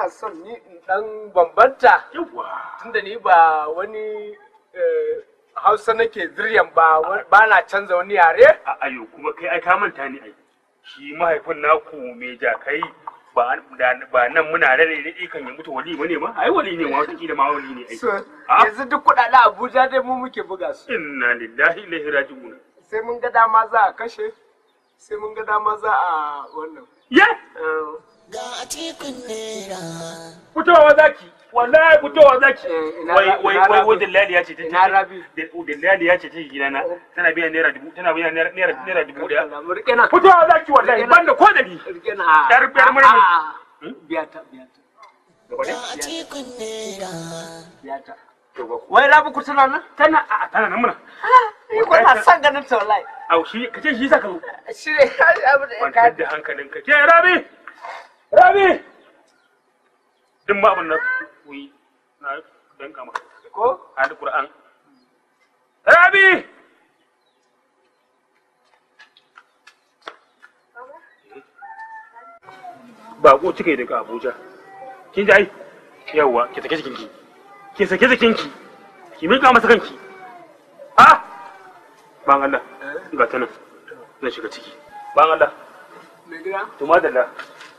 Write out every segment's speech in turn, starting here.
ina son ni in dan bambanta tunda ni ba wani eh, hausa nake ziryan ba ba na canza wani yare a ayo kuma kai ai ka manta ni ai shi mahaifin naku me jakai ba ba nan muna rare ne kan ya mutu wali bane ma ai wali ne ma wata kila ma wali ne ai yanzu duk kudaden Abuja dai mu muke buga su inna lillahi ilaihi raji'un sai mun ga dama za a kashe sai mun ga dama za a wannan ya eh. ga a cikin nera fitowa zaki wallahi fitowa zaki eh, wai wai wai wai dillali ya ce ta rabi oh, ya ce na tana biyan naira dubu tana biyan naira naira ah, dubu daya fitowa zaki wallahi banda ko da ni ah, yar yar ah, murmur biyata biyata a cikin nera biyata wai rabu ku tana nan tana a tana nan muna ni ko na san ganin ta wallahi au shi kace shi saka shi ne ka da hankalinka ke rabi Rabi! Duk ma abin nan kuyi na ɗan kama. Ko? A da Ba ko cika cike daga Abuja. Kin ji ai? Yawwa, ki sake jikinki. Ki sake jikinki. Ki miƙa masa kanki. Ha? Ban Allah, eh? ga ta nan. Zan shiga ciki. Ban Allah. Me gida? Tumadala.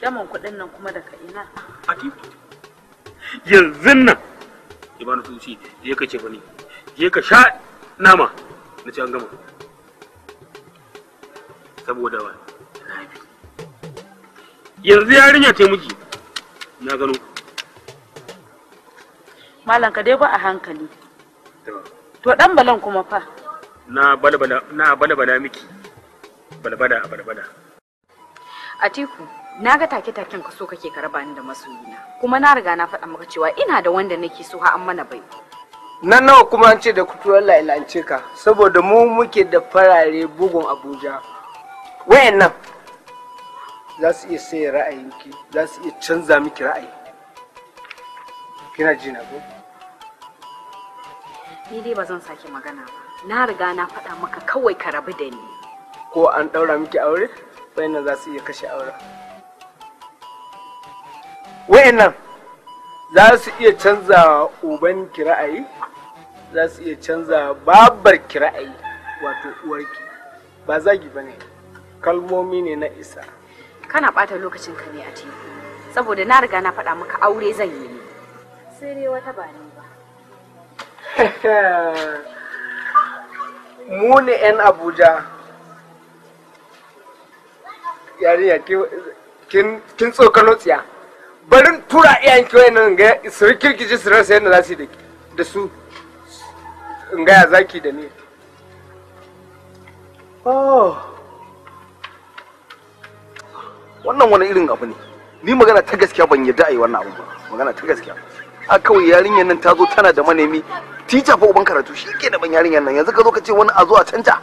Daman kuɗin nan kuma daga ina? A Yanzu nan, ki bani tusi, je ka ce bani, je ka sha nama na ci an gama. Saboda wa, Yanzu yarinya ta miki, na gano. Malam ka dai ba a hankali. To dan balan kuma fa. Na balabala, na balabala miki. balbada a balbada atiku na ga take-taken ka so kake karaba ni da masoyina kuma na riga na faɗa maka cewa ina da wanda nake so har mana bai nan nawa kuma an ce da kuturar la'ilance ka saboda mu muke da farare bugun abuja wayannan za su iya saye ra'ayinki za su iya canza miki ra'ayi kina ji na ko ni dai ba zan sake magana ba na riga na faɗa maka kawai ka rabu da ni ko an ɗaura miki aure wayannan za su iya kashe auren wayannan za su iya canza uban kira'ayi za su iya canza babbar kira'ayi wato uwarki ba zagi bane kalmomi ne na isa kana ɓata lokacin ka ne a teku saboda na riga na faɗa maka aure zan yi ne sai dai wata ba ne ba mu ne 'yan abuja yarinya kin kin tsokano tsiya barin tura iyayen ki wayannan ga su rikirkici su rasa yadda za su yi da su in gaya zaki da ni oh. wannan wani irin abu ne ni magana ta gaskiya ban yarda a yi wannan abu ba magana ta gaskiya a kawai yarinyar nan ta zo tana da manemi Tica, fa uban karatu shi ke da ban yarinyar nan yanzu ka zo ka ce wani a zo a canta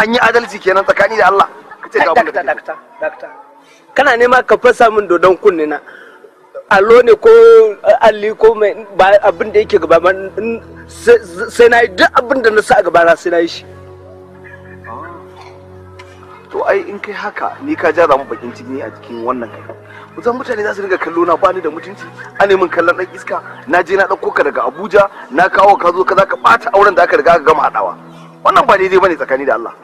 an yi adalci kenan tsakani da Allah kana nema ka fasa min dodon kunni na allo ne ko eh, alli ko mai abin da yake gaba sai na yi duk abin da na sa gaba na sai na yi shi ah. to ai in kai haka ni ka ja mu bakin ciki a cikin wannan kai kusan mutane za su riga kallo na bani da mutunci a neman kallon dan iska na je na dauko ka daga abuja na kawo ka zo ka za ka ɓata auren da aka riga ka gama hadawa wannan ba daidai bane tsakani da allah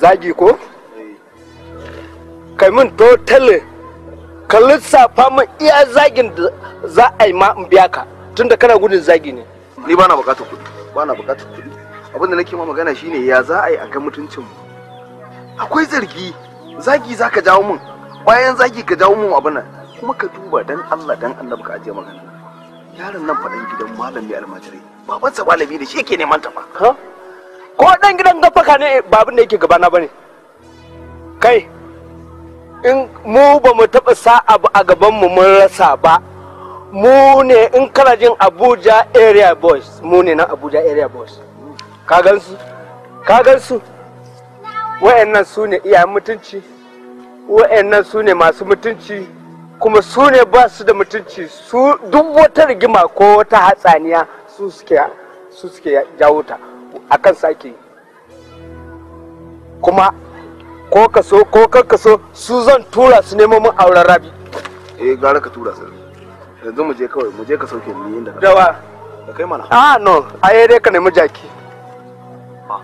zagi ko kai min totale ka lissafa min iya zagin da za a yi ma in biya ka tunda kana gudun zagi ne ni ba na bukatar kuɗi na bukatar kuɗi abin da nake ma magana shine ya za a yi a ga mutuncin mu akwai zargi zagi za ka jawo min bayan zagi ka jawo min abin nan kuma ka duba dan Allah dan Allah ka ajiye magana yaron nan faɗin gidan malami almajirai babansa malami da shi yake neman ta fa ko dan gidan gafaka ne ba abin da yake gabana bane kai in mu ba mu taɓa sa abu a gaban mu mun rasa ba mu ne in kana jin abuja area boys mu ne na abuja area boys ka gansu ka gansu wa'annan su ne iyayen mutunci wa'annan su ne masu mutunci kuma su ne ba su da mutunci su duk wata rigima ko wata hatsaniya su suke jawo ta a kan sake kuma ko ka so ko ka so su zan tura su nemo mun auren rabi eh gara ka tura su yanzu mu je kawai mu je ka sauke ni inda dawa da kai mana ah no ai dai ka nemi jaki ah.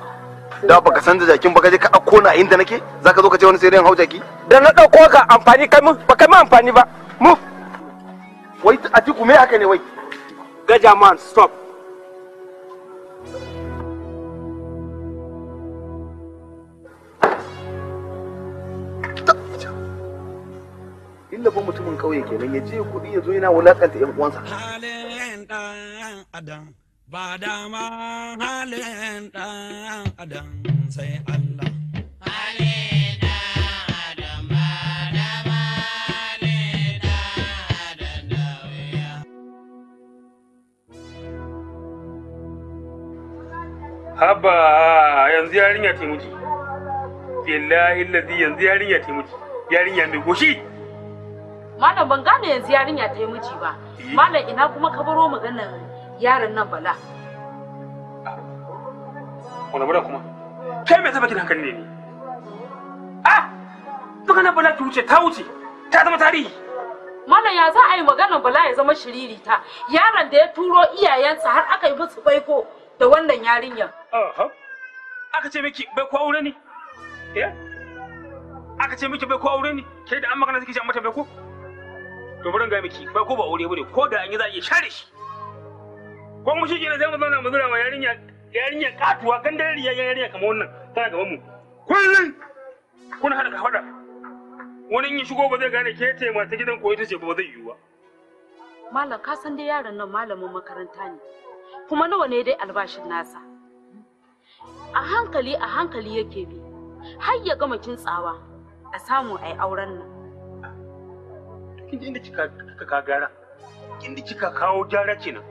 da baka san da jakin baka je ka akko na inda nake zaka zo ka ce wani sai dai hau jaki dan na dauko ka amfani kai mun baka mun amfani ba mu wai a tiku me haka ne wai gaja man stop illa ba mutumin ke kenan ya je kuɗi ya zo yana wulakanta yan uwansa ba dama halin ɗan adam haba yanzu yarinya ce miji billahi yanzu yarinya ce miji yarinya mai goshi malam ban gane yanzu yarinya ta yi miji ba eh. malam ina kuma ka baro maganar yaron nan bala ah. wani bala kuma kai me zaba ki hankali ne ni ah maganar bala ki wuce ta wuce ta zama tarihi malam ya za a yi magana bala ya zama shiririta yaron da ya turo iyayensa har aka yi musu baiko da wannan yarinyar aka ce miki bai ko aure ne eh aka ce miki bai ko aure ne kai da an magana kike ce mata bai ko to bari ga miki ba ko ba aure bane ko da an yi za a iya share shi ko mu shi ne sai mu zauna mu zura ma yarinya yarinya katuwa kan da riya yarinya kamar wannan tana gaban mu kullun kun hada ka fada wani in shigo ba zai gane ke ce mata gidan koyi ta ce ba zai yiwu ba malam ka san dai yaron nan malamin makaranta ne kuma nawa ne dai albashin nasa a hankali a hankali yake bi har ya gama kintsawa a samu ai auren nan kin inda kika kika ka gara? gyara inda kika kawo gyara kenan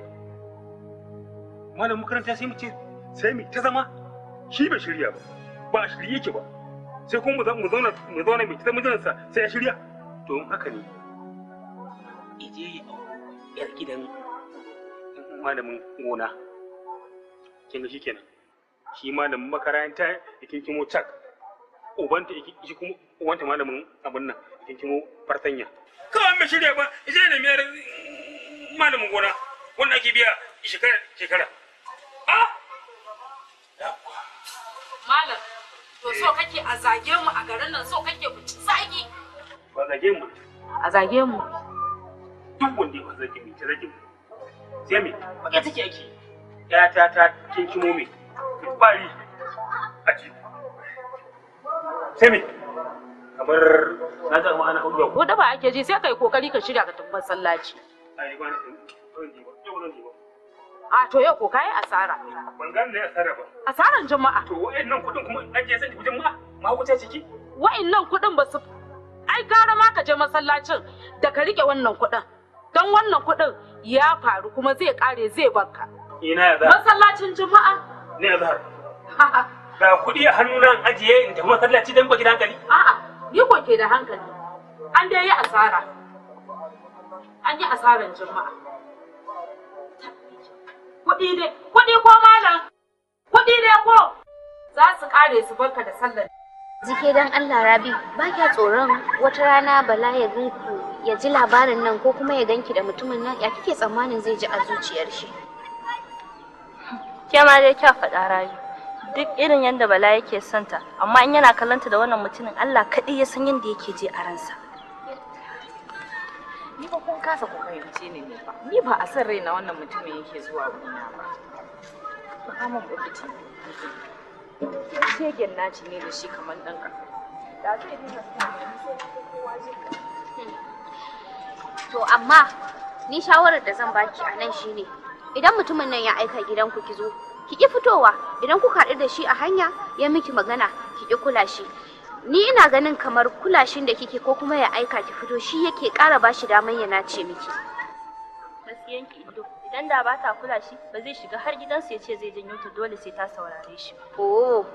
Malam makaranta sai mu ce sai mu ta zama shi bai shirya ba ba shirye yake ba sai kuma mu zauna mu zauna mu ta mijinsa sai ya shirya to in haka ne ije ya auro yar gidan malamin gona kin ga shikenan shi malamin makaranta ya kinkimo cak ubanta shi kuma ubanta malamin abin nan kinkimo fartanya kawai mai shirya ba zai na miyar malamin gona wanda ake biya shekara shekara a malam to so kake a zage mu a garin nan so kake ku ci zagi ba zage mu a zage mu duk wanda ba zage mu ci zage mu sai me baka take ake ya ta ta kimo me bari a ji sai me kamar na ji ma'ana hudu ko da ba ake ji sai kai kokari ka shirya ka tafi masallaci a to yau ko kai asara ban gane ne asara ba asaran jama'a to wayannan kudin kuma ake san ki jama'a ma wuce ciki wayannan kudin ba su ai gara ma ka je masallacin da ka rike wannan kudin don wannan kudin ya faru kuma zai kare zai banka ina ya masallacin juma'a ne ya zahar ga kudi a nan ajiye in tafi masallaci don baki hankali a'a Yiko ke da hankali. An dai yi asara. An yi asaran jama'a. Kuɗi dai, kuɗi ko malam, kuɗi dai ko za su kare su barka da sallar. Jike dan Allah Rabi, ba kya tsoron wata rana Bala ya ganku ya ji labarin nan ko kuma ya ganki da mutumin nan ya kike tsammanin zai ji a zuciyar shi. Kya ma dai kya faɗa rayu. duk irin yadda bala yake santa amma in yana kallanta da wannan mutumin Allah kaɗi ya san yadda yake je a ransa ni ba kun kasa ku fahimce ni ne ba ni ba a san raina wannan mutumin yake zuwa wurina ba ba kamun bukiti shegen naci ne da shi kamar ɗan ƙarfi da zai su to amma ni shawarar da zan baki a nan shine idan mutumin nan ya aika gidanku ki zo ki ki fitowa idan kuka haɗu da shi a hanya ya miki magana ki ki kula shi ni ina ganin kamar kulashin da kike ko kuma ya aika ki fito shi yake ƙara bashi damar ya nace miki gaskiyanki ido idan da ba ta kula shi ba zai shiga har gidansu ya ce zai janyo ta dole sai ta saurare shi oh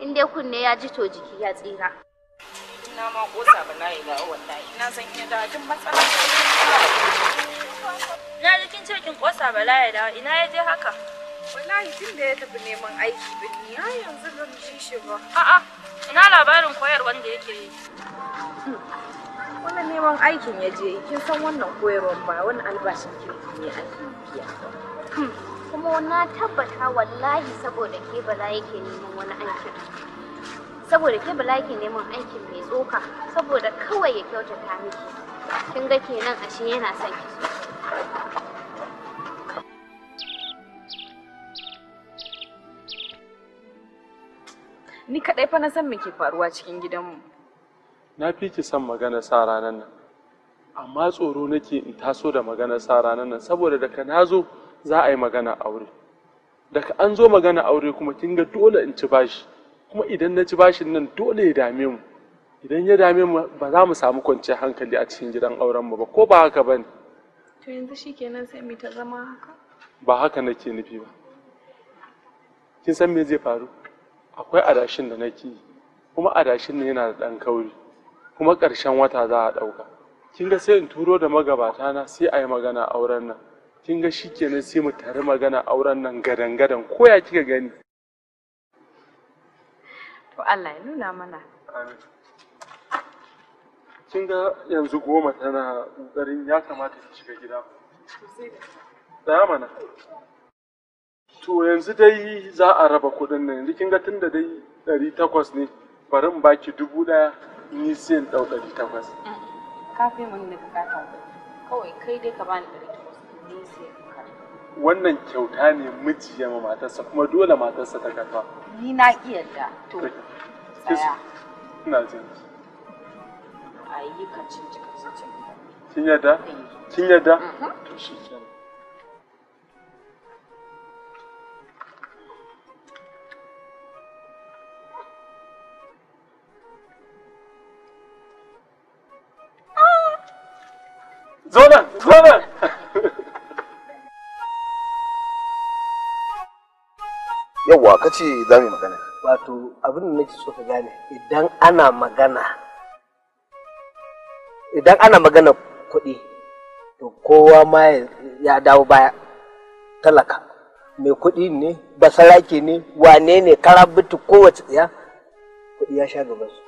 in dai kunne ya ji to jiki ya tsira ina ma kosa ba na yi ba wallahi ina san ina da duk matsala na jikin cikin kosa ba la ya dawo ina ya je haka wallahi tun da ya tafi neman aiki birni ya yanzu ba mu ji shi ba a'a ina labarin koyar wanda yake yi wannan neman aikin ya je kin san wannan koyarwar ba wani albashin kirki ne ake biya hmm. kuma na tabbata wallahi saboda ke bala yake neman wani aikin saboda ke bala yake neman aikin mai tsoka saboda kawai ya kyautata miki kin ga kenan ashe yana son ki ni kaɗai fa na san me ke faruwa cikin gidanmu. Na fi ki son magana sa ranar nan, amma tsoro nake in taso da magana sa ranar nan saboda daga na zo za a yi magana aure. Daga an zo magana aure kuma kin ga dole in ci bashi, kuma idan na ci bashin nan dole ya dame mu. Idan ya dame mu ba za mu samu kwanciyar hankali a cikin gidan auren mu ba ko ba haka ba ne. To yanzu shikenan sai mu ta zama haka? Ba haka nake nufi ba. Kin san me zai faru? akwai adashin da nake yi kuma adashin nan yana da ɗan kauri kuma ƙarshen wata za a ɗauka kin ga sai in turo da magabata na sai a yi magana auren nan kin ga shikenan sai mu tare magana auren nan gadan gadan ko ya kika gani to Allah ya nuna mana amin kin ga yanzu goma tana ƙoƙarin ya kamata ki shiga gida Tsaya mana. to yanzu dai za a raba kuɗin nan yanzu kin ga da dai ɗari takwas ne bari in baki dubu ɗaya ni sai in ɗau ɗari takwas. ka fi mun da bukata kawai kai dai ka bani ɗari takwas ni sai wannan kyauta ne miji ya ma matarsa kuma dole matarsa ta karfa. ni na iya da to tsaya. ina jin ki. ayi ka cin cikin cikin. kin yadda? Eh. kin yadda? Mhm. to shi kenan. wa ka ce za mu magana wato abin da nake so ka gane idan ana magana idan ana magana kuɗi to kowa ma ya dawo baya talaka mai kuɗi ne basarake ne wane ne karabitu kowace tsaya kuɗi ya sha gaba su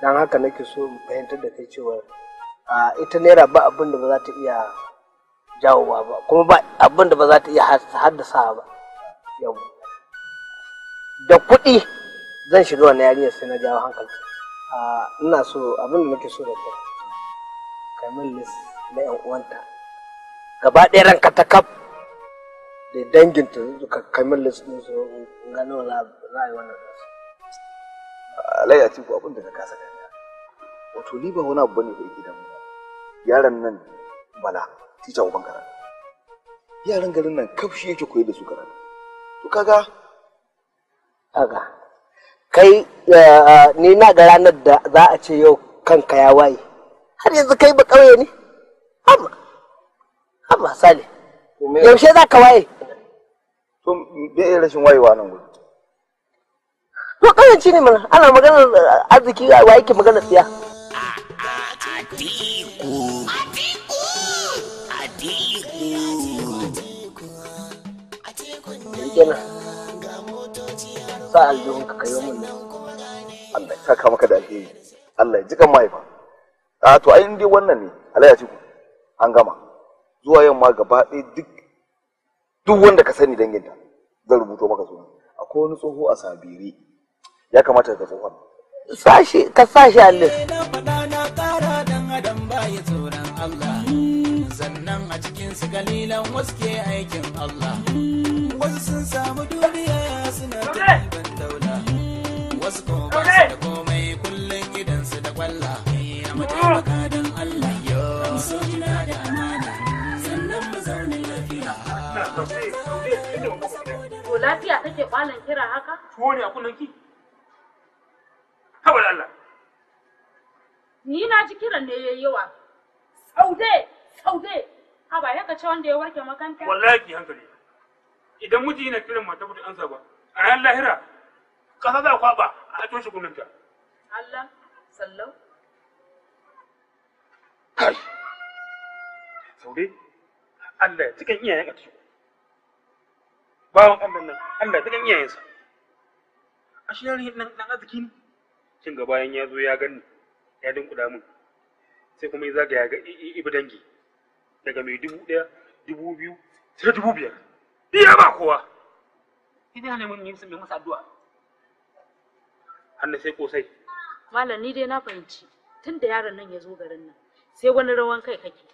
don haka nake so in fahimtar da kai cewa a ita naira ba abin ba za ta iya jawowa ba kuma ba abin ba za ta iya haddasa ba yau da kuɗi zan shiga wannan yarinyar sai na jawo hankali ina so abin da nake so da kai kamar min lis na yan uwanta gaba ɗaya ranka ta kaf da danginta ka kai min lis ɗin su gano za a yi wannan rasu alai a tiku abin da na kasa gani wato ni ba wani abu bane bai gidan yaran nan bala tita bangaren. yaran garin nan kafshi yake koyar da su karatu to kaga kaga kai ni na ga ranar da za a ce yau kanka ya waye har yanzu kai ba kauye ne amma amma sale yaushe za ka waye to me rashin wayewa nan gudu to kauyanci ne mana ana maganar arziki wa yake maganar tsiya kenan sa aljihun ka kayo mun Allah ya kama ka da alheri Allah ya ji kan mahaifa a to ai dai wannan ne Allah ya ci ku an gama zuwa yamma gaba ɗaya duk duk wanda ka sani danginta zan rubuto maka suna akwai wani tsoho a sabiri ya kamata ka tsohon sashi ka sashi Allah na Allah su galilan wasu ke aikin Allah. Mm. Wasu sun samu duniya suna tafiban daula. Mm. Wasu kuma su da komai kullum gidansu da kwalla. Ya mu mm. taimaka don Allah yo. So jina da amana sannan mu zaune lafiya. To lafiya kake kwalan kira haka? Ko ne a kullum ki? Habar Allah. Ni na ji kiran ne yayi yawa. Saude, saude, ha ba yaka ce wanda ya warke makanta wallahi ki hankali idan miji yana kiran mata mutu an saba a ran lahira kasa za kwaba a toshe kunnanta Allah sallau kai Saude. Allah cikin iyayen a cikin bawan Allah nan Allah cikin iyayen sa! shi yari nan dan arziki ne shin ga bayan ya zo ya ganni, ya dinkula min sai kuma ya zagaya ga ibi dangi daga mai dubu ɗaya dubu biyu sai dubu biyar biya ba kowa idan ne mun yi musu masa addu'a hannu sai kosai malam ni dai na fahimci tun da yaron nan ya zo garin nan sai wani rawan kai kake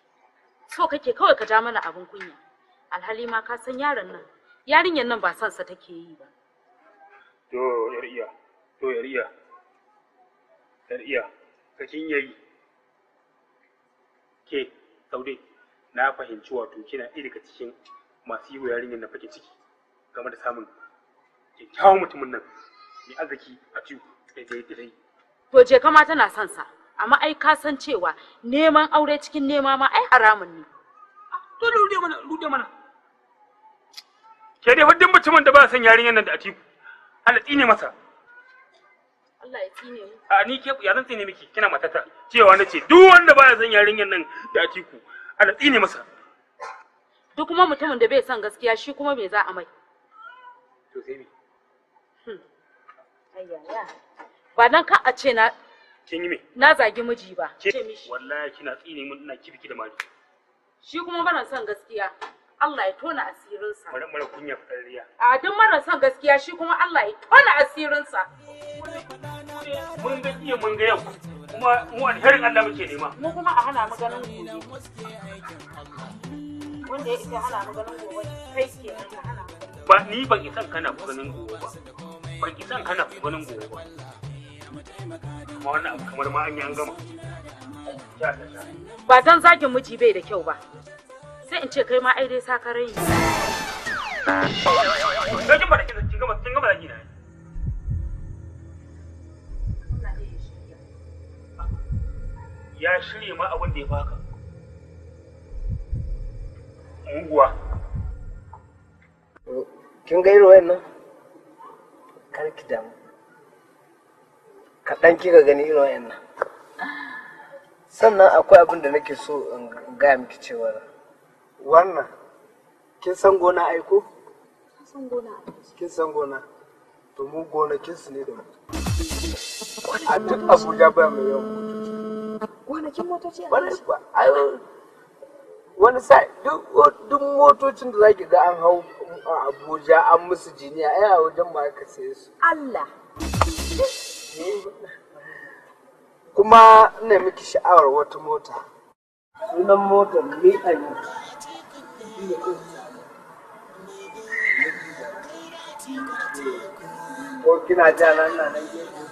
so kake kawai ka ja mana abin kunya alhali ma ka san yaron nan yarinyar nan ba son sa take yi ba to yariya to yariya yariya kakin yayi ke saude na fahimci wato kina iri daga cikin masu yi wa yin na fake ciki game da samun kyakkyawan mutumin nan mai arziki a ciwo ɗaiɗaiɗai. To je kama tana son sa, amma ai ka san cewa neman aure cikin nema ma ai haramun ne. Ah, to rude mana, rude mana. Ke dai fa mutumin da ba son yarinyar nan da Atiku, Allah tsine masa. Allah ya tsine A ni ke ya zan tsine miki kina matata cewa nace duk wanda baya son yarinyar nan da Atiku Allah ne masa duk kuma mutumin da bai son gaskiya shi kuma me za a mai to sai me hmm. ba nan ka a ce na kin yi me na zagi miji ba mishi wallahi kina tsine mun ina da shi kuma bana son gaskiya Allah ya tona asirinsa. Mara mara kunya A duk mara son gaskiya shi kuma Allah ya tona asirinsa. Mun ga iya mun ga yau. kuma mu alherin Allah muke nema mu kuma a hana mu ganin gobe wanda ya ita hana mu ganin gobe kai ke hana ba ni ban isan kana ganin gobe ba ban isan kana ganin gobe ba kuma wannan kamar ma an yi an gama ba zan zagin miji bai da kyau ba sai in ce kai ma ai dai sakarai ne. Sai ba da kin gama kin gama da gina. ya shirya ma abin da ya baka Muguwa. kin ga irin wannan? kar ki damu kaɗan kika gani irin wannan. sannan akwai abin da nake so in gaya miki cewa wannan kin san gona aiko kin san gona to mu gonakinsu ne da mu a duk abuja ba mai yawan motoci motoci a wani sa duk motocin da zaki ga an hau a abuja an musu jiniya ai a wajen ma ka saye su allah kuma ina miki sha'awar wata mota sunan motar ni ayi. ko kina jana nan, nan gefe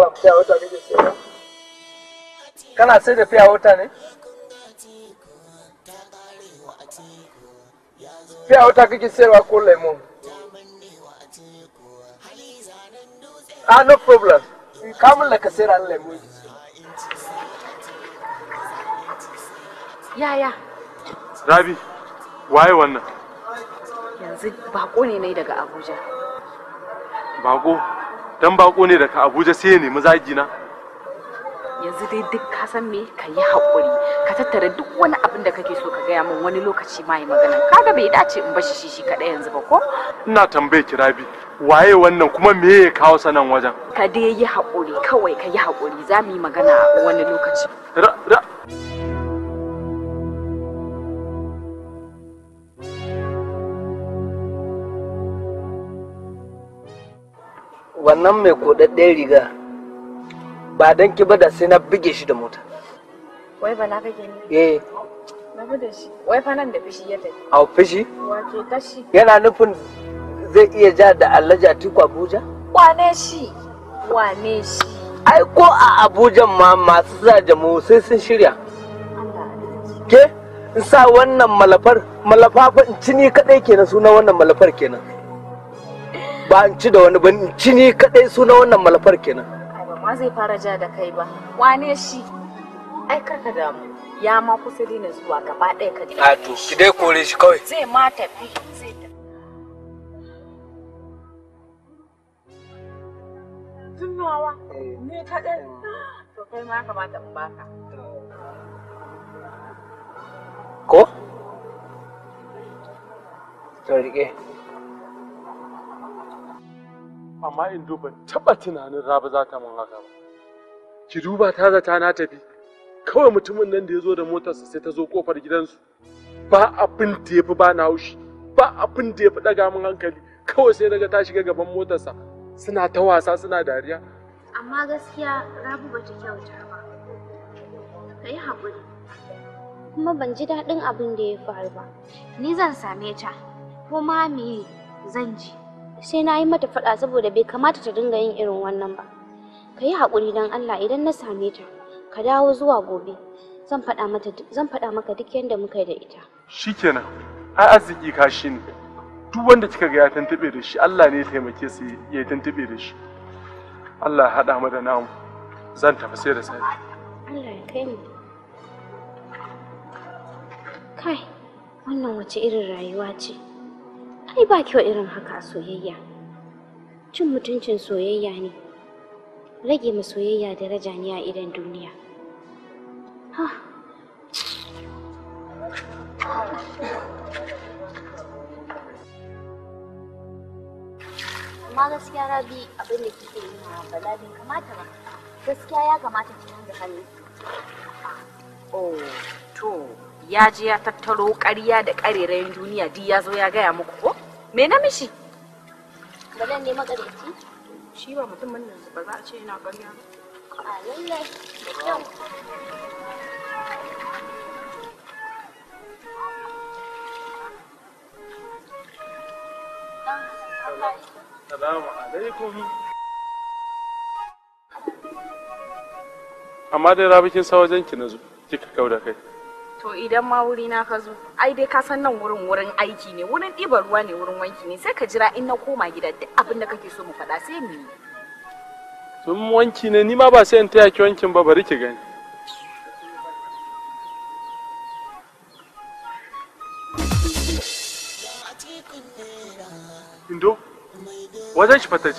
Allah fiya wata kake sayarwa kana sai da fiya wata ne fiya wata kake sayarwa ko lemon ah no problem kamun da ka sayar an lemon yaya rabi waye wannan yanzu bako ne nai daga abuja bako dan bako ne daga Abuja sai ya nemi zagi na yanzu dai duk ka san me ka yi haƙuri ka tattara duk wani abin da kake so ka gaya min wani lokaci ma yi magana kaga bai dace in bashi shi shi kaɗai yanzu ba ko ina tambaye ki Rabi waye wannan kuma me ya kawo sanan wajen ka dai yi haƙuri kawai ka yi haƙuri za mu yi magana wani lokaci wannan mai kodadden riga ba don ki ba da sai na buge shi da mota wai ba na kake ne eh na shi wai fa nan da fishi ya tafi au fishi wato tashi yana nufin zai iya ja da Alhaji Atiku Abuja wane shi wane shi ai ko a Abuja ma masu sa jamu sai sun shirya ke in sa wannan malafar malafa in ci ni kadai kenan suna wannan malafar kenan ba in ci da wani ba in ci ni kadai suna wannan malafar kenan ba ma zai fara ja da kai ba wane shi ai karka damu ya ma kusa dina zuwa gaba ɗaya ka dina to ki dai kore shi kawai zai ma tafi tunawa ne kadai to kai ma kamata in baka ko? to rike amma in duba taba tunanin rabi za ta mun haka ba ki duba ta zata na tafi kawai mutumin nan da ya zo da motarsa sai ta zo kofar gidansu ba abin da ya fi ba na haushi ba abin da ya fi ɗaga min hankali kawai sai daga ta shiga gaban motarsa suna ta wasa suna dariya amma gaskiya rabu ba ta kyauta ba ka yi haƙuri kuma ban ji daɗin abin da ya faru ba ni zan same ta kuma me zan ji sai na yi mata faɗa saboda bai kamata ta dinga yin irin wannan ba ka yi haƙuri don allah idan na same ta ka dawo zuwa gobe zan faɗa mata zan faɗa maka duk yadda muka yi da ita shikenan ai arziki kashi ne duk wanda kika ga ya tantube da shi allah ne ya taimake su ya tantube da shi allah ya haɗa mata namu zan tafi sai da safe allah ya kai mu kai wannan wace irin rayuwa ce ai ba kyau irin haka a soyayya cin mutuncin soyayya ne rage ma soyayya daraja ne a idan duniya ha amma gaskiya rabi abin da kike yi ma bala bai kamata ba gaskiya ya kamata ki canza hali ah, oh to ya je ya tattaro ƙarya da ƙarerayin duniya duk ya zo ya gaya muku ko me na mishi balan ne magareci shi ba mutum nan ba za a ce yana ƙarya ba a lallai da kyau alaikum. Amma dai rabikin kin sa wajen ki na zo, kika kauda kai. to idan ma wuri na ka zo ai dai ka san nan wurin wurin aiki ne wurin ɗiban ruwa ne wurin wanki ne sai ka jira in na koma gida duk abin da kake so mu faɗa sai mu yi tun wanki ne ni ma ba sai in taya ki wankin ba bari ki gani Indo, wajen shi ce.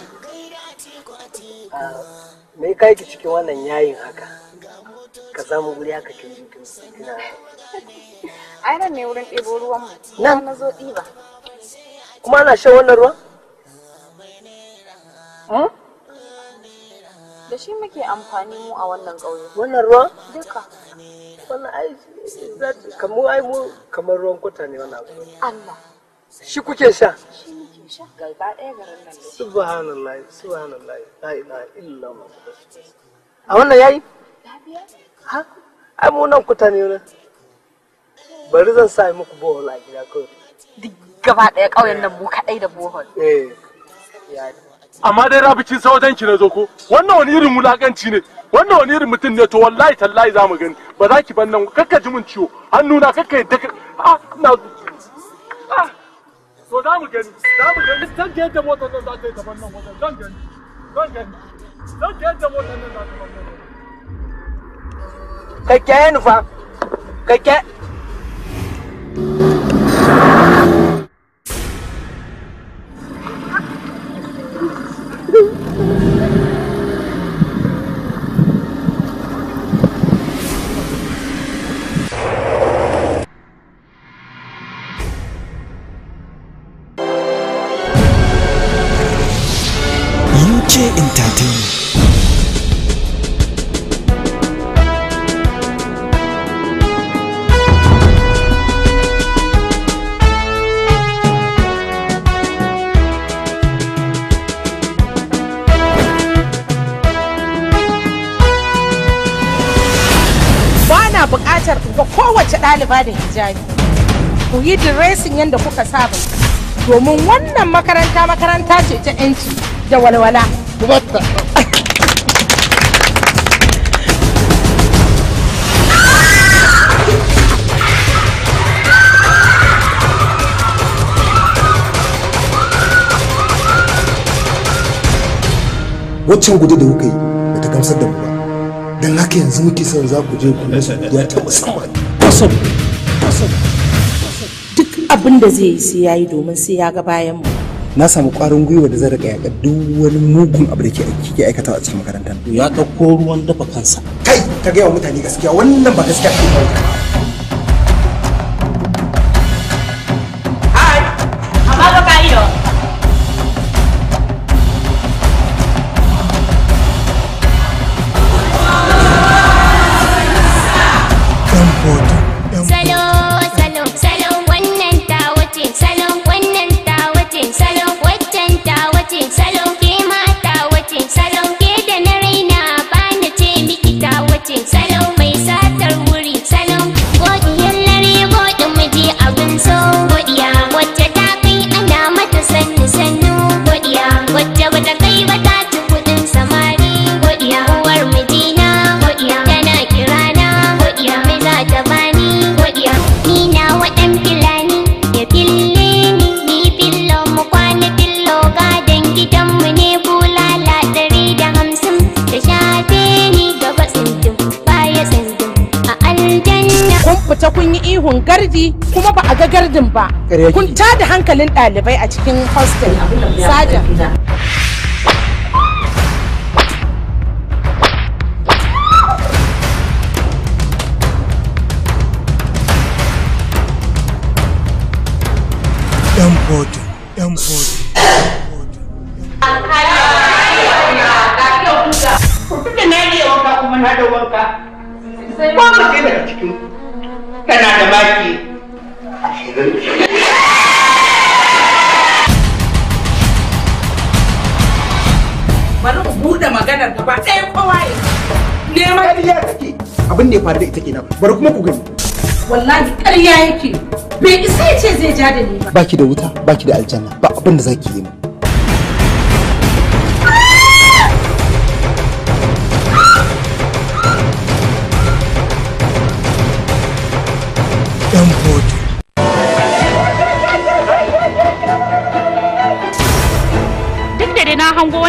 Ah, me kai ki cikin wannan yayin haka? ka samu guri aka ke yi kina ai nan ne wurin ɗebo ruwan mu nan na zo ɗiba kuma ana shan wannan ruwan eh? da shi muke amfani mu a wannan ƙauye wannan ruwan duka wannan ai kamar ai mu kamar ruwan kwata ne wannan abu Allah shi kuke sha shi ɗaya garin nan subhanallahi la ilaha illallah a wannan yayi lafiya ha ai mu nan kuta ne nan bari zan sa muku bohol a gida kawai duk gaba daya ƙauyen nan mu kadai da bohol eh. amma dai rabicin saudan ki na zo ko wannan wani irin wulakanci ne wannan wani irin mutum ne to wallahi tallahi za mu gani ba za ki ban nan kakka ji min ciwo hannuna kakka yadda ka ah na ah to za mu gani za mu gani zan ke yadda motar nan za ta yi ta ban nan wajen zan gani zan gani san ke yadda motar nan za ta ban nan cây chế nó phải cây chế ga kowace ɗaliba da hijabi ku yi diresin yadda kuka saba domin wannan makaranta makaranta ce ta 'yanci da walwala waccan gudu da kuka yi da ta gamsar da mu ba don haka yanzu muke son za ku je ku ya ta musamman duk abin da zai yi sai ya yi domin sai ya ga bayan mu na samu kwarin gwiwa da zan rika yaƙa duk wani mugun abu da ke aikata a cikin makarantar ya ɗauko ruwan dafa kansa kai ka gaya wa mutane gaskiya wannan ba gaskiya ke ba ihun gardi kuma ba a ga gardin ba kun tada hankalin ɗalibai a cikin hostel sajan bari kuma ku gani wallahi ƙarya yake bai isa ya ce zai ja da ni ba baki da wuta baki da aljanna ba abin da zaki yi mu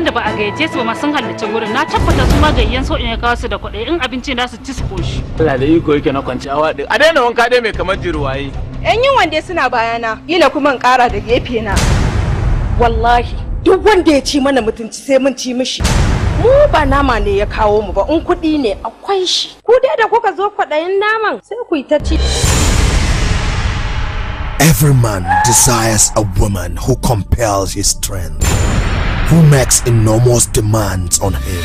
wanda ba a gayyace su ba sun halarci wurin na tabbata su ma gayyan in ya kawo su da kuɗi in abinci na su ci su koshi Allah da iko yake na kwanci awa din a daina wanka dai mai kamar jiruwaye. yan yin wanda suna bayana ila kuma in ƙara da gefe na wallahi duk wanda ya ci mana mutunci sai mun ci mishi mu ba nama ne ya kawo mu ba in kuɗi ne akwai shi ku dai da kuka zo kwaɗayin naman sai ku yi ta ci Every man desires a woman who compels his strength. who makes enormous demands on him,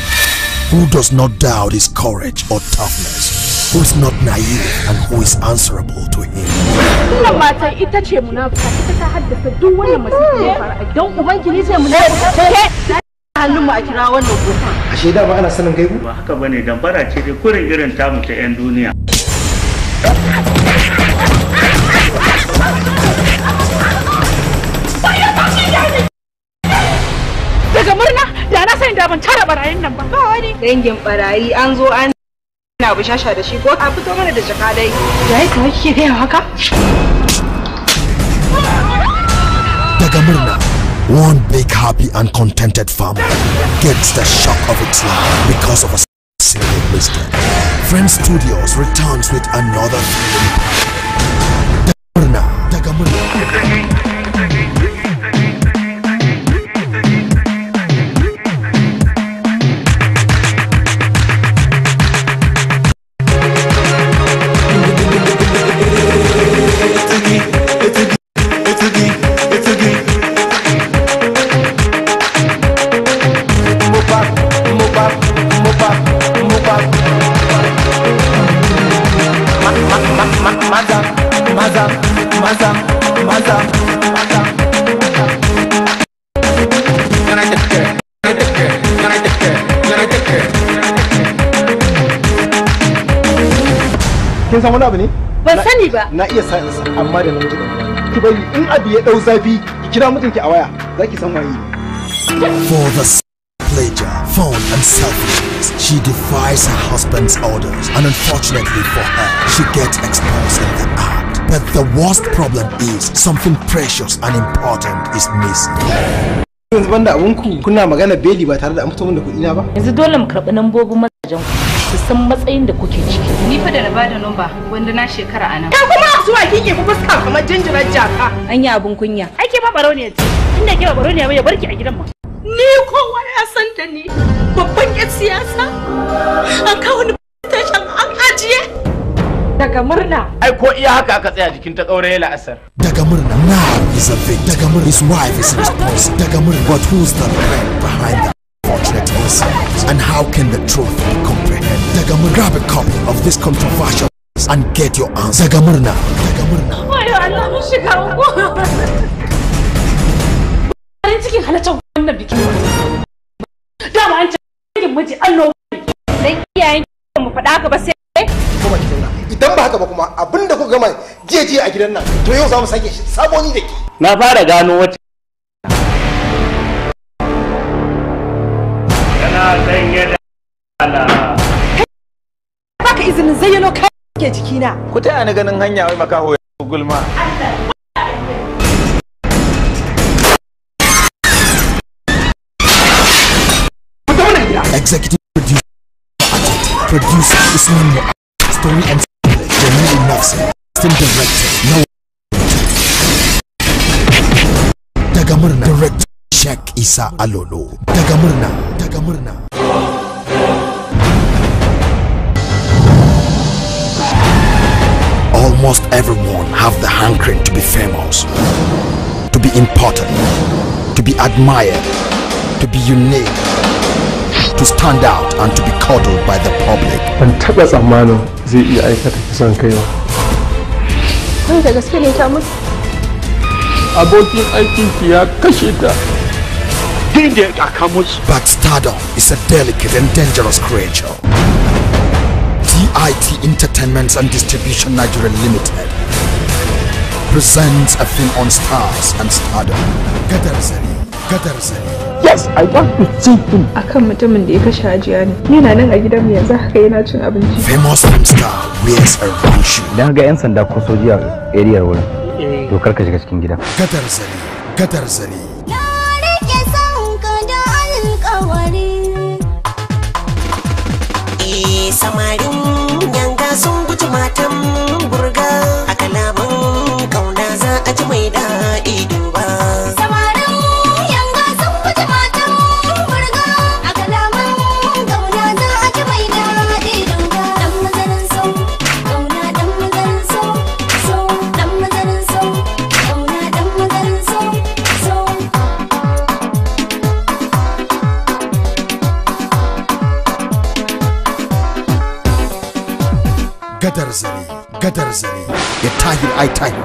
who does not doubt his courage or toughness, who is not naive and who is answerable to him. Wannan matan ita ce munafuka, ita ta haddasa duk wannan masifin ya fara. Don ubangiji ce munafuka. hannunmu a kira wannan gofa. Ashe da ba ana sanin gaibu? Ba haka bane dambara ce dai kurin irin tamu ta 'yan duniya. daga murna da na sani da ban tara barayin nan ba ba wani dangin barayi an zo an na shasha da shi ko a fito mana da jaka dai yayi kamar kike gaya haka daga murna One big happy and contented family gets the shock of its life because of a single mistake. Friend Studios returns with another film. Dagamurna. Dagamurna. wani abu ne ban sani ba na iya sa amma da namiji da ki bari in abu ya dau zafi ki kira mutunki a waya zaki san waye for the pleasure, phone and selfishness. She defies her husband's orders and unfortunately for her, she gets exposed in the act. But the worst problem is something precious and important is missing. yanzu banda abunku kuna magana beli ba tare da an fito min da kuɗi ba yanzu dole mu karɓi nambobin masajen ku su san matsayin da kuke ciki ni fa da raba da numba wanda na shekara anan ka kuma zuwa kike ku fuska kamar jinjirar jaka an yi abun kunya ake ba baro ne ce inda ke baro ne ya barki a gidan mu ni kowa ya san da ni babban yan siyasa an kawo ni tashan an ajiye daga murna ai ko iya haka aka tsaya jikin ta kauraye la'asar daga murna now is a thing daga murna his wife is responsible daga murna but who's the man behind the unfortunate incident and how can the truth become daga mu grab of this controversial and get your answer daga murna daga murna wayo Allah mun shiga uku farin cikin halaccin wannan biki dama an ce cikin miji Allah dan iyayen mu faɗa ka ba sai kuma ki dinga idan ba haka ba kuma abinda ku gama jiya jiya a gidan nan to yau za mu sake shi saboni da ke na fara gano wata izinin zayyano kai ke jikina ku taya ni ganin hanya wai makaho ya gulma Executive producer, producer Usman Mu'ad, story and screenplay Jamil Nafsin, film director no Dagamurna, director Sheikh Isa Alolo Dagamurna, Dagamurna. almost everyone have the hankering to be famous, to be important, to be admired, to be unique, to stand out and to be coddled by the public. And take us a iya aikata kisan kai ba. Kai da gaske But stardom is a delicate and dangerous creature. IT Entertainment and Distribution Nigeria Limited presents a film on stars and stardom. Gadarzani, Gadarzani. Yes, I want to see him. Akan mutumin da ya kashe You ne. Yana nan a gidan mu yanzu haka yana cin abinci. Famous film star wears a wrong shoe. Dan ga 'yan sanda ko sojiya area wurin. Eh. To karka shiga cikin gida. Gadar Zari, Gadar Zari. Somebody I type.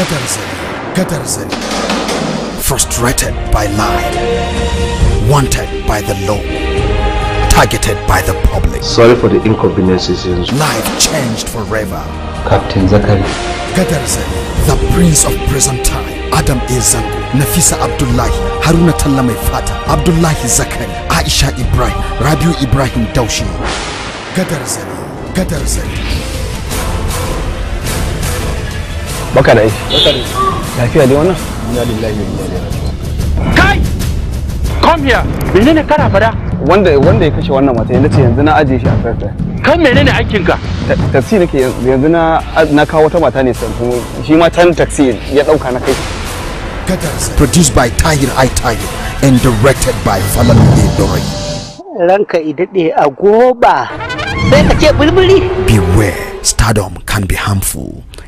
Katarzari, Katarzari. Frustrated by lie, wanted by the law, targeted by the public. Sorry for the inconveniences. Life changed forever. Captain Zakari. Katarzari, the prince of present time. Adam Ezango, Nafisa Abdullahi, Haruna Talla mai fata, Abdullahi Zakari, Aisha Ibrahim, Rabiu Ibrahim Daushi. Gadar Zari, baka da aiki baka da lafiya dai wannan ina da lafiya inna ilaihi kai come here menene kana fada wanda wanda ya kashe wannan mata yanzu yanzu na aje shi a farka kan menene aikin ka taksi nake yanzu na na kawo wata mata ne san shi ma tan taxi ya dauka na kai produced by Tahir I Tahir and directed by Falal Edori ranka idade a goba sai ka ce bulbuli beware stardom can be harmful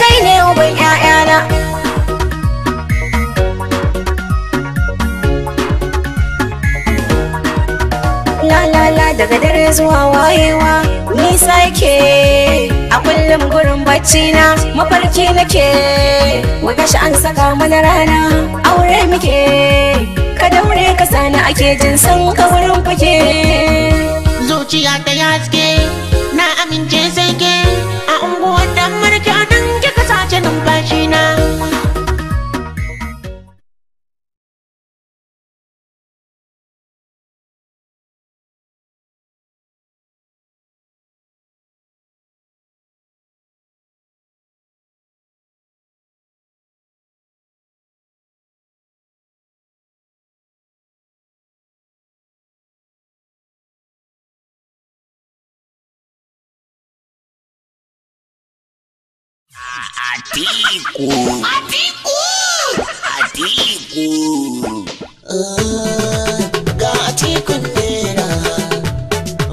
kai ne uban ƴaƴana la la la daga dare zuwa wayewa nisa yake a kullum gurin bacci na mafarki nake waga shi an saka mana rana aure muke ka daure ka sani ake jin san ka wurin fuke zuciya ta yaske na amince sai ke a unguwar damar imagina Atiku. Atiku. Atiku. Ah, ga Atikun nera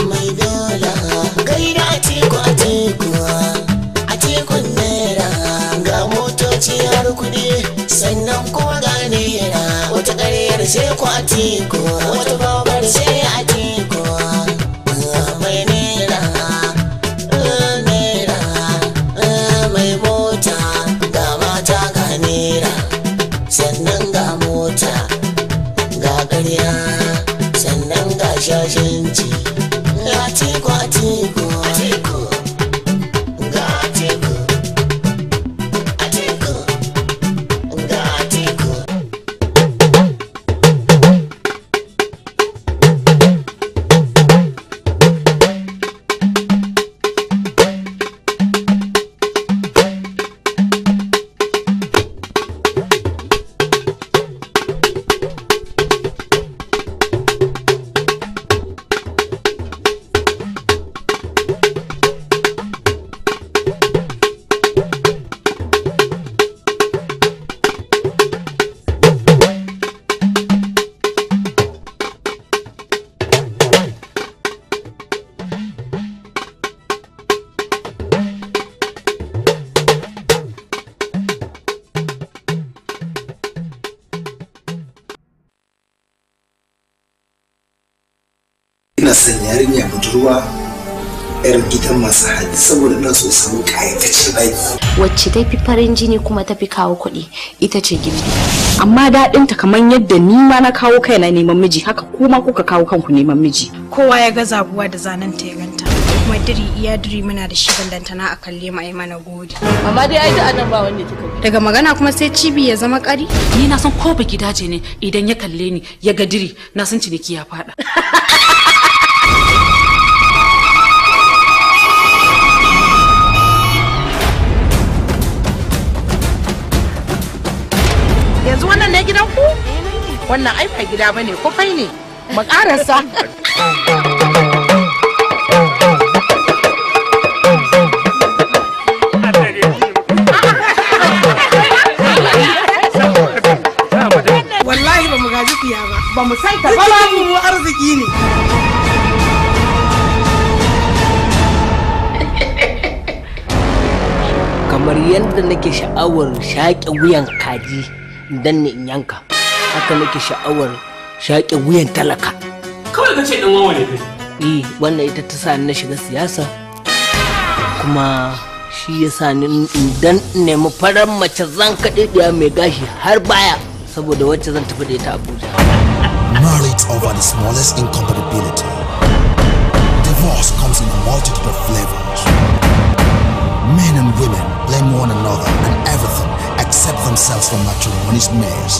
mai dola. Gaida Atiku Atiku. Atikun nera ga motoci har kuɗi sannan kuma ga nera. Wata ƙaryar sai ku Atiku. Wata babar sai ina son yarinya budurwa yar gidan masu hali saboda ina so samu kayataccen aiki. Wacce ta fi farin jini kuma ta fi kawo kuɗi ita ce girbi. Amma daɗinta kamar yadda ni ma na kawo kaina neman miji haka kuma kuka kawo kanku neman miji. Kowa ya ga zabuwa da zanen ta ya ganta. Kuma diri iya diri muna da shi ballantana a kalle mai mana gode. Amma dai ai da anan ba wanda kika Daga magana kuma sai cibi ya zama ƙari. Ni na san ko baki daje ne idan ya kalle ni ya ga diri na san ciniki ya faɗa. wannan aifa gida bane fai ne mu karasa wallahi ba arziki ne kamar yadda nake sha'awar shaƙe wuyan kaji dan in yanka haka nake sha'awar shaƙe wuyan talaka kawai ka ce ɗan wawa ne kai eh wannan ita ta sa na shiga siyasa kuma shi ya sa ni dan nemi farar mace zan kaɗe mai gashi har baya saboda wacce zan tafi da ita Abuja. Marriage over the smallest incompatibility. Divorce comes in a multitude of flavors. Men and women blame one another and everything except themselves for matrimony's maze.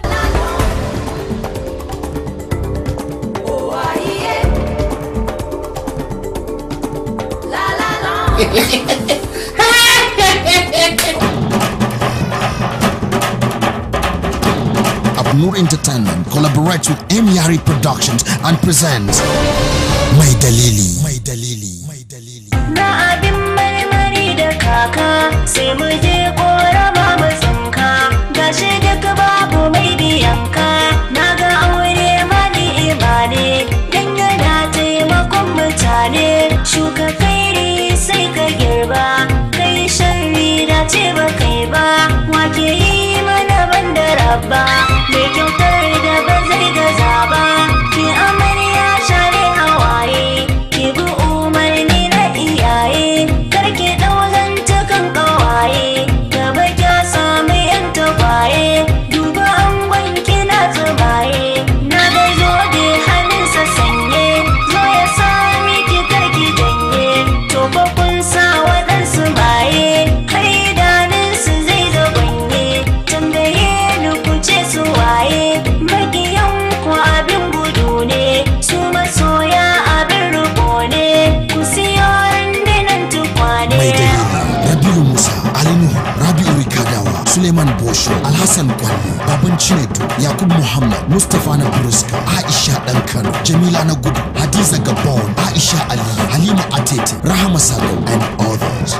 Abnur Entertainment collaborates with M. Yari Productions and presents Mai Dalili. Mai Dalili. Dalili. ce ba kai ba wake yi mana ban da rabba mai kyautar Hassan Gwanne, Baban Cinedu, Yakub Muhammad, Mustapha na Buruska, Aisha Dan Kano, Jamila na Gudu, Hadiza Gabon, Aisha Ali, Halima Atete, Rahama Sabo and others.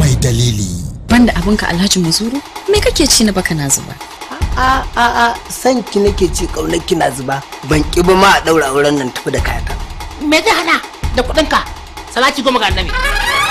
Mai dalili. Banda abinka Alhaji Muzuru, me kake ci na baka na zuba? a a a san ki nake ci kaunar na zuba ban ki ba ma a daura auren nan tafi da kayata me zai hana da kudin ka salati goma ga annabi